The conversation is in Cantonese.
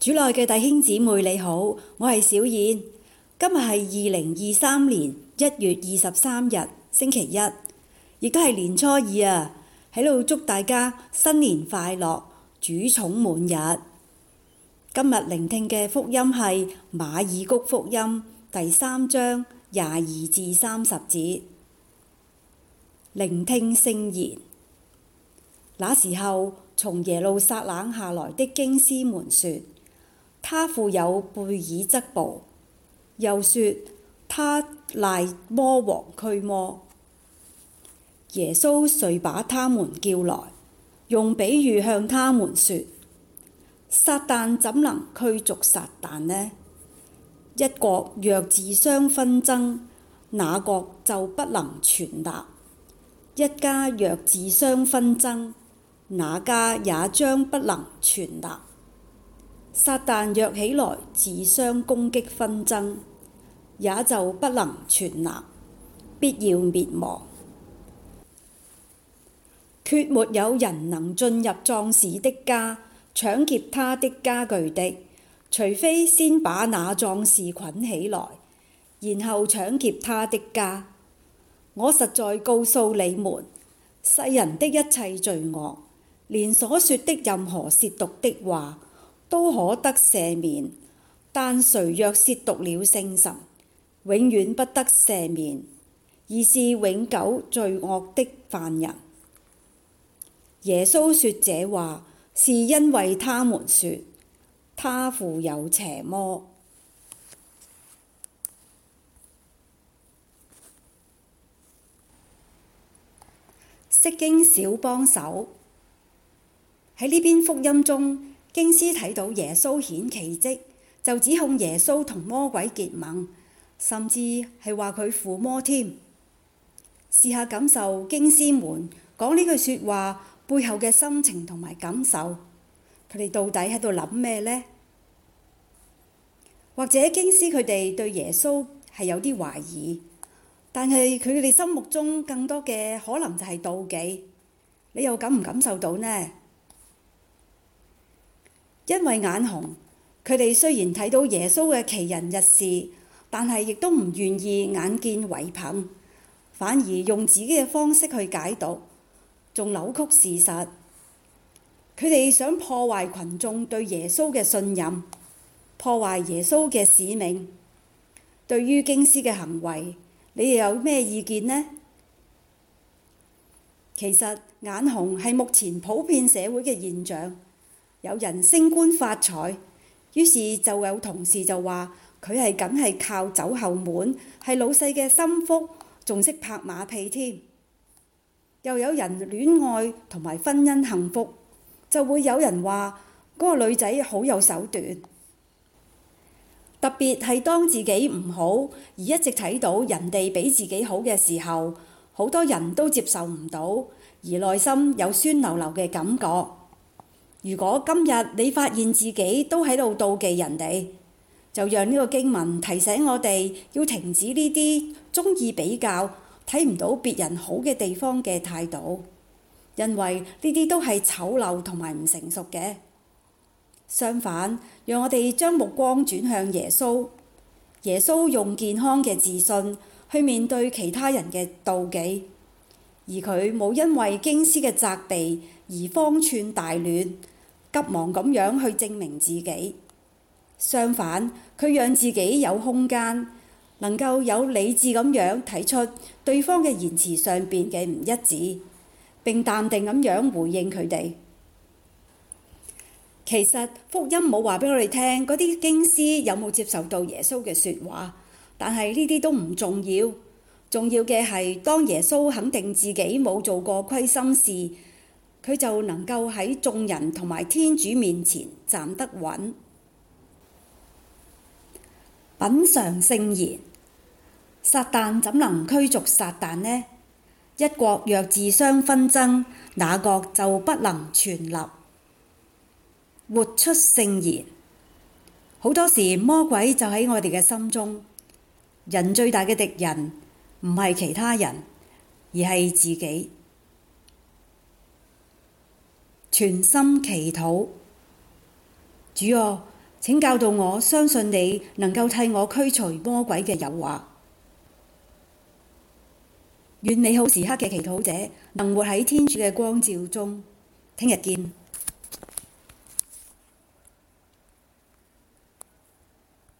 主內嘅弟兄姊妹你好，我係小燕。今日係二零二三年一月二十三日星期一，亦都係年初二啊！喺度祝大家新年快樂，主寵滿日。今日聆聽嘅福音係馬爾谷福音第三章廿二至三十節，聆聽聖言。那時候，從耶路撒冷下來的經師們說：他附有貝耳則步，又說他賴魔王驅魔。耶穌遂把他們叫來，用比喻向他們説：撒殫怎能驅逐撒殫呢？一國若自相紛爭，那國就不能存立；一家若自相紛爭，那家也將不能存立。撒殫若起來自相攻擊紛爭，也就不能存立，必要滅亡。決沒有人能進入壯士的家，搶劫他的家具的，除非先把那壯士捆起來，然後搶劫他的家。我實在告訴你們，世人的一切罪惡，連所說的任何褻瀆的話。都可得赦免，但誰若褻瀆了聖神，永遠不得赦免，而是永久罪惡的犯人。耶穌說這話，是因為他們說，他附有邪魔。釋經小幫手喺呢篇福音中，經師睇到耶穌顯奇蹟，就指控耶穌同魔鬼結盟，甚至係話佢附魔添。試下感受經師們講呢句說話背後嘅心情同埋感受，佢哋到底喺度諗咩呢？或者經師佢哋對耶穌係有啲懷疑，但係佢哋心目中更多嘅可能就係妒忌。你又感唔感受到呢？因為眼紅，佢哋雖然睇到耶穌嘅奇人軼事，但係亦都唔願意眼見為憑，反而用自己嘅方式去解讀，仲扭曲事實。佢哋想破壞群眾對耶穌嘅信任，破壞耶穌嘅使命。對於經師嘅行為，你哋有咩意見呢？其實眼紅係目前普遍社會嘅現象。有人升官發財，於是就有同事就話佢係梗係靠走後門，係老細嘅心腹，仲識拍馬屁添。又有人戀愛同埋婚姻幸福，就會有人話嗰個女仔好有手段。特別係當自己唔好而一直睇到人哋比自己好嘅時候，好多人都接受唔到，而內心有酸溜溜嘅感覺。如果今日你發現自己都喺度妒忌人哋，就讓呢個經文提醒我哋要停止呢啲鍾意比較、睇唔到別人好嘅地方嘅態度，因為呢啲都係醜陋同埋唔成熟嘅。相反，讓我哋將目光轉向耶穌，耶穌用健康嘅自信去面對其他人嘅妒忌，而佢冇因為經師嘅責備而方寸大亂。急忙咁樣去證明自己，相反，佢讓自己有空間，能夠有理智咁樣睇出對方嘅言辭上邊嘅唔一致，並淡定咁樣回應佢哋。其實福音冇話俾我哋聽嗰啲經師有冇接受到耶穌嘅説話，但係呢啲都唔重要，重要嘅係當耶穌肯定自己冇做過虧心事。佢就能夠喺眾人同埋天主面前站得穩，品嚐聖言。撒殫怎能驅逐撒殫呢？一國若自相紛爭，那國就不能存立。活出聖言，好多時魔鬼就喺我哋嘅心中。人最大嘅敵人唔係其他人，而係自己。全心祈禱，主啊！請教導我相信你能夠替我驅除魔鬼嘅誘惑。願美好時刻嘅祈禱者能活喺天主嘅光照中。聽日見。